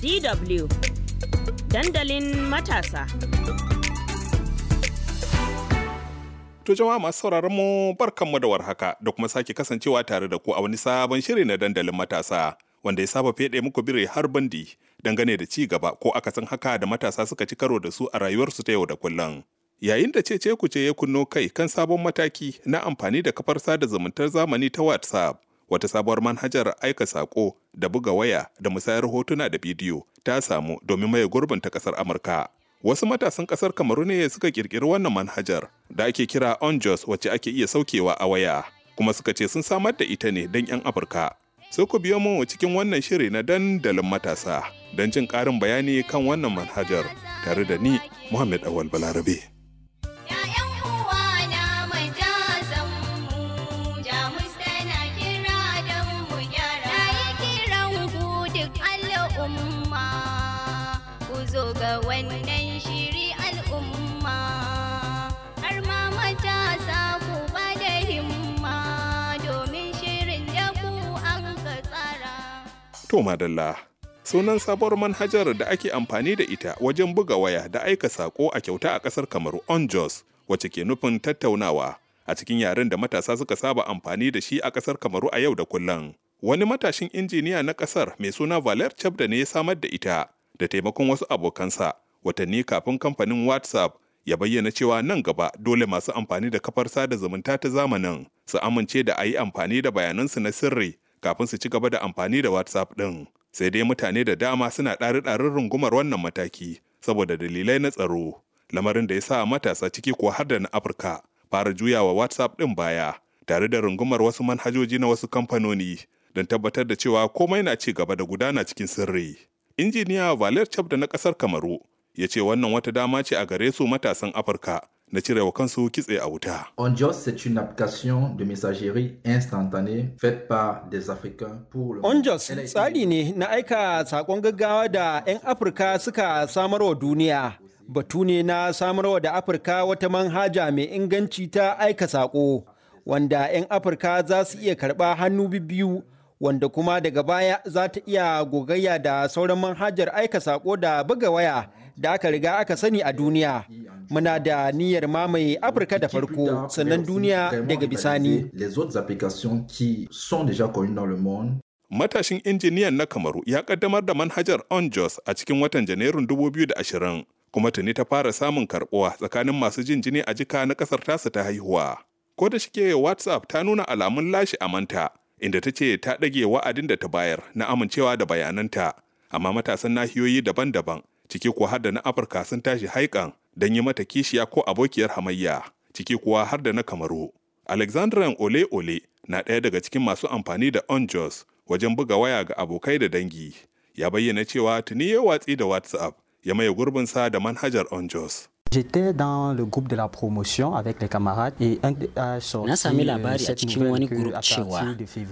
DW dandalin matasa. To jama'a masu sauraron mu barkanmu da warhaka da kuma sake kasancewa tare da ku a wani sabon shiri na dandalin matasa wanda ya saba fede muku bire har bandi dangane da ci gaba ko akasin haka da matasa suka ci karo da su a rayuwarsu ta yau da kullum. Yayin da cece ce ya kunno kai kan sabon mataki na amfani da kafar sada zumuntar zamani ta WhatsApp wata sabuwar manhajar aika sako da buga waya da musayar hotuna da bidiyo ta samu domin maye gurbin ta kasar amurka wasu matasan kasar kamaru ne suka kirkiri wannan manhajar da ake kira onjos wacce ake iya saukewa a waya kuma suka ce sun samar da ita ne don 'yan afirka su ku biyo mu cikin wannan shiri na dandalin matasa don jin ƙarin bayani kan wannan manhajar tare da ni muhammad awal balarabe To madalla. Sunan sabuwar manhajar da ake amfani da ita wajen buga waya da aika saƙo a kyauta a ƙasar Kamaru Onjos, wacce ke nufin tattaunawa a cikin yaren da matasa suka saba amfani da shi a ƙasar Kamaru a yau da kullum. Wani matashin injiniya na ƙasar mai suna Valer da ne ya samar da ita da taimakon wasu abokansa watanni kafin kamfanin WhatsApp ya bayyana cewa nan gaba dole masu amfani da kafar sada zumunta ta zamanin su amince da a yi amfani da bayanansu na sirri kafin su ci gaba da amfani da WhatsApp ɗin. Sai dai mutane da dama suna ɗari-ɗarin rungumar wannan mataki saboda dalilai na tsaro, lamarin da ya sa matasa ciki ko har da na Afirka fara juyawa WhatsApp ɗin baya tare da rungumar wasu manhajoji na wasu kamfanoni don tabbatar da cewa komai na ci gaba da gudana cikin sirri. Injiniya Valer Chab da na ƙasar Kamaru ya ce wannan wata dama ce a gare su matasan Afirka na cire wa kansu kitse a wuta. Onjos c'est une application de messagerie instantanée faite par des Africains pour Onjos tsari ne na aika sakon gaggawa da 'yan Afirka suka samarwa duniya. Batu ne na samarwa da Afirka wata manhaja mai inganci ta aika sako wanda 'yan Afirka za su iya karɓa hannu biyu wanda kuma daga baya za ta iya gogayya da sauran manhajar aika sako da buga waya da aka riga aka sani a duniya muna da niyyar mamaye afirka da farko sannan duniya daga bisani matashin injiniyan na kamaru ya kaddamar da manhajar onjos a cikin watan janairun 2020 kuma tuni ta fara samun karbuwa tsakanin masu jin jini a jika na kasar tasa ta haihuwa ko da shike whatsapp ta nuna alamun lashe a manta. inda ta ce ta ɗage wa'adin da ta bayar na amincewa da bayananta amma matasan nahiyoyi daban-daban ciki kuwa har da na afirka sun tashi haikan don yi mata kishiya ko abokiyar hamayya ciki kuwa har da na kamaru alexandran ole ole na ɗaya daga cikin masu amfani da onjos wajen buga waya ga abokai da dangi ya bayyana cewa tuni ya watsi da whatsapp ya maye gurbinsa da manhajar onjos J'étais dans le groupe de la promotion avec les camarades et un Na sami euh, labari a cikin wani group cewa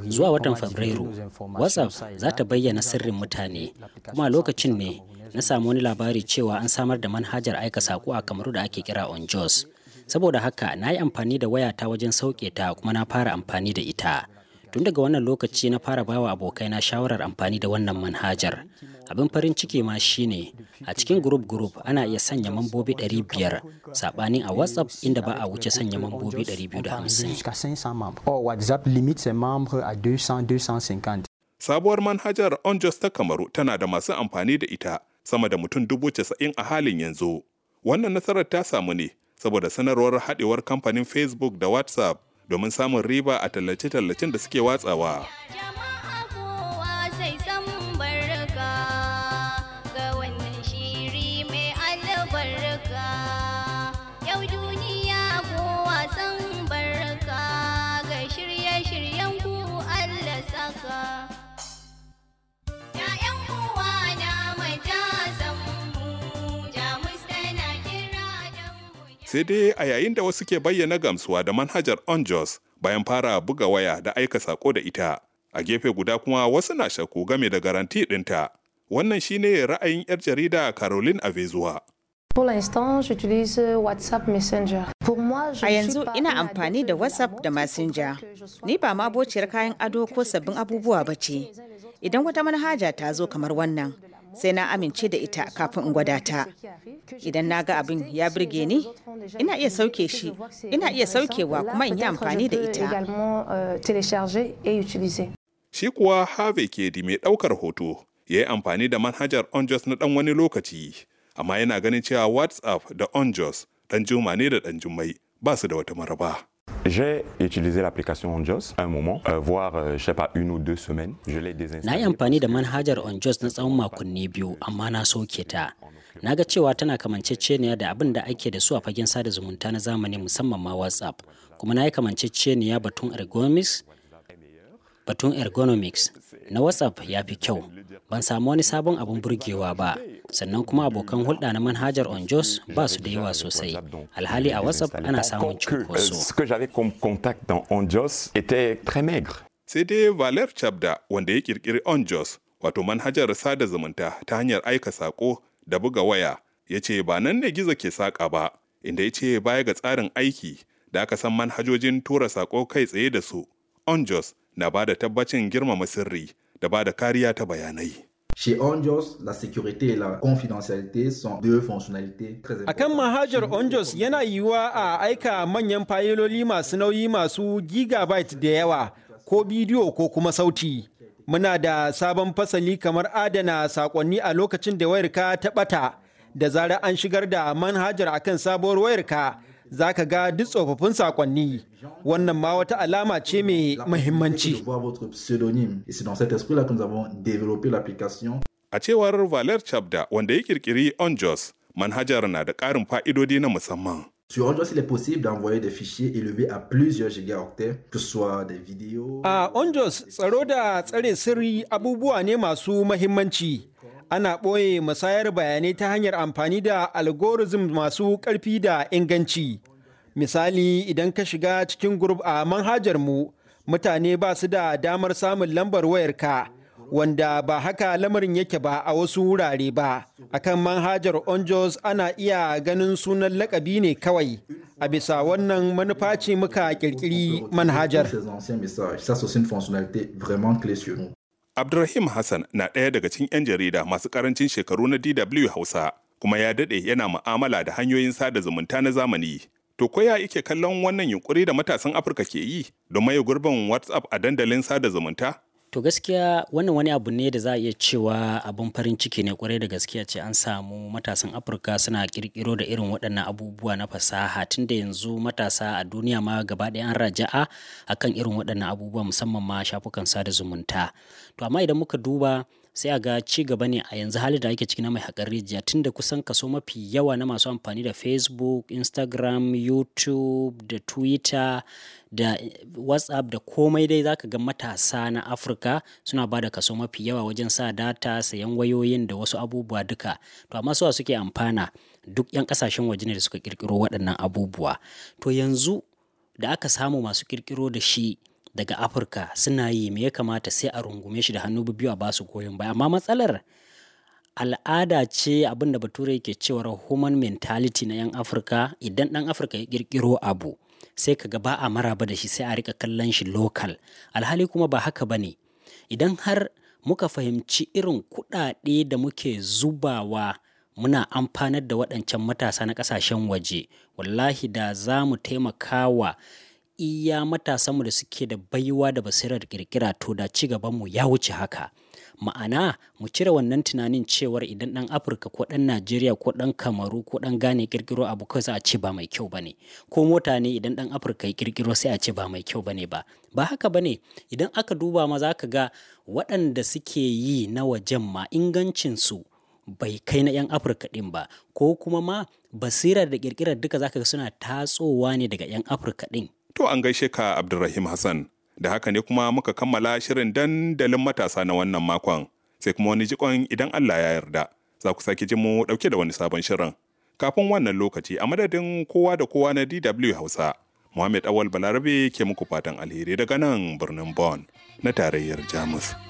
zuwa watan Fabrairu WhatsApp za ta bayyana sirrin mutane kuma lokacin ne na samu wani labari cewa an samar da manhajar aika sako a Kamaru da ake kira on Jos. Saboda haka na yi amfani da wayata wajen sauke ta kuma na fara amfani da ita. Tun daga wannan lokaci na fara bawa abokaina shawarar amfani da wannan manhajar. Abin farin ciki ma shine a cikin group group ana iya sanya mambobi 500 sabanin a WhatsApp inda ba a wuce sanya mambobi 250. Sabuwar manhajar Onjust ta Kamaru tana da masu amfani da ita sama da mutum dubu casa'in a halin yanzu. Wannan nasarar ta samu ne saboda sanarwar haɗewar kamfanin Facebook da WhatsApp domin samun riba a tallace-tallacen da suke watsawa. sai dai a yayin da wasu ke bayyana gamsuwa da manhajar onjos bayan fara buga waya da aika sako da ita a gefe guda kuma wasu na shakku game da garanti dinta wannan shine ra'ayin 'yar jarida caroline avezuwa a yanzu ina amfani da WhatsApp da Messenger. Ni ba ma bociyar kayan ado ko sabbin abubuwa ba ce. Idan wata manhaja ta zo kamar wannan, sai na amince da ita kafin in gwada ta idan na ga abin ya birge ni ina iya sauke shi ina iya saukewa kuma in yi amfani da ita shi kuwa harvey di mai ɗaukar hoto ya yi amfani da manhajar onjos na ɗan wani lokaci amma yana ganin cewa whatsapp da onjos ɗan juma ne da ɗan jummai ba su da wata maraba. J'ai utilisé l'application Onjos un moment, euh, voire euh, je sais pas une ou deux semaines. Je l'ai désinstallé. Na yi amfani da manhajar onjos na tsawon makonni biyu amma na soke ta. Na ga cewa tana kamance kamanceceniya da abin da ake da su a fagen sada zumunta na zamani musamman ma WhatsApp. Kuma na yi kamance kamanceceniya batun ergonomics batun ergonomics na whatsapp ya fi kyau ban samu wani sabon abin burgewa ba sannan kuma abokan hulɗa na manhajar onjos ba su da yawa sosai alhali a whatsapp ana samun cinkoso. sai dai valer chabda wanda ya kirkiri onjos wato manhajar sada zumunta ta hanyar aika sako da buga waya ya ce ba nan ne gizo ke saƙa ba inda ya ce baya ga tsarin aiki da aka san manhajojin tura sako kai tsaye da su onjos na ba da tabbacin girmama sirri da ba da kariya ta bayanai. Chez Onjos, la sécurité la confidentialité sont deux fonctionnalités Akan manhajar Onjos yana yiwuwa a aika manyan fayiloli masu nauyi masu gigabyte da yawa ko bidiyo ko kuma sauti. Muna da sabon fasali kamar adana sakonni a lokacin da wayarka ta bata da zarar an shigar da manhajar akan sabuwar wayarka za ka ga duk tsofaffin sakonni wannan ma wata alama ce mai mahimmanci. A cewar Valer Chabda wanda ya kirkiri Onjos, manhajar na da ƙarin fa'idodi na musamman. A OnJOS, tsaro da tsare sirri abubuwa ne masu mahimmanci. ana ɓoye musayar bayanai ta hanyar amfani da algorithm masu ƙarfi da inganci. Misali idan ka shiga cikin grup a manhajar mu, mutane ba su da damar samun lambar wayarka. wanda ba haka lamarin yake ba a wasu wurare ba akan manhajar onjos ana iya ganin sunan lakabi ne kawai a bisa wannan manufa ce muka kirkiri manhajar Abdulrahim Hassan na ɗaya daga cikin 'yan jarida masu ƙarancin shekaru na DW Hausa, kuma ya daɗe yana mu'amala da hanyoyin sada zumunta na zamani. To ko ya ike kallon wannan yunkuri da matasan Afirka ke yi don maye gurbin WhatsApp a dandalin sada zumunta? To gaskiya wannan wani abu ne da za a iya cewa abin farin ciki ne kwarai da gaskiya ce an samu matasan Afirka suna ƙirƙiro da irin waɗannan abubuwa na fasaha tun da yanzu matasa a duniya ma gaba ɗaya an raja'a akan irin waɗannan abubuwa musamman ma shafukan sada zumunta. To amma idan muka duba sai a ga ci gaba ne a yanzu hali da ake ciki na mai haƙar rijiya tunda kusan kaso mafi yawa na masu amfani da facebook instagram youtube da twitter da whatsapp da komai dai zaka ga matasa na afirka suna ba da kaso mafi yawa wajen sa data sayan wayoyin da wasu abubuwa duka to amma suwa suke amfana duk 'yan kasashen waje ne da suka kirkiro waɗannan abubuwa to yanzu da aka samu masu kirkiro da shi daga afirka suna yi me ya kamata sai a rungume shi da hannu biyu a basu goyon baya amma matsalar al'ada ce abin da bature ke cewar human mentality na 'yan afirka idan ɗan afirka ya ƙirƙiro abu sai ka ga ba a maraba da shi sai a rika kallon shi local alhali kuma ba haka ba ne idan har muka fahimci irin kuɗaɗe da muke zubawa muna amfanar da waɗancan matasa na ƙasashen waje wallahi da za mu taimakawa iya matasanmu da suke da baiwa da basirar ƙirƙira to da ci gabanmu ya wuce haka. ma'ana mu cire wannan tunanin cewar idan ɗan afirka ko ɗan najeriya ko dan kamaru ko ɗan gane kirkiro abu kai za a ce ba mai kyau bane ko mota ne idan ɗan afirka ya kirkiro sai a ce ba mai kyau bane ba ba haka bane idan aka duba ma za ka ga waɗanda suke yi na wajen ma ingancin su bai kai na 'yan afirka ɗin ba ko kuma ma basirar da ƙirƙirar duka za ka ga suna tatsowa ne daga 'yan afirka ɗin To an gaishe ka Abdulrahim Hassan. Da haka ne kuma muka kammala shirin dandalin matasa na wannan makon. Sai kuma wani jikon idan Allah ya yarda. Za ku sake jin mu dauke da wani sabon shirin. Kafin wannan lokaci a madadin kowa da kowa na DW Hausa. Muhammad Awal Balarabe ke muku fatan alheri daga nan birnin Bonn na tarayyar Jamus.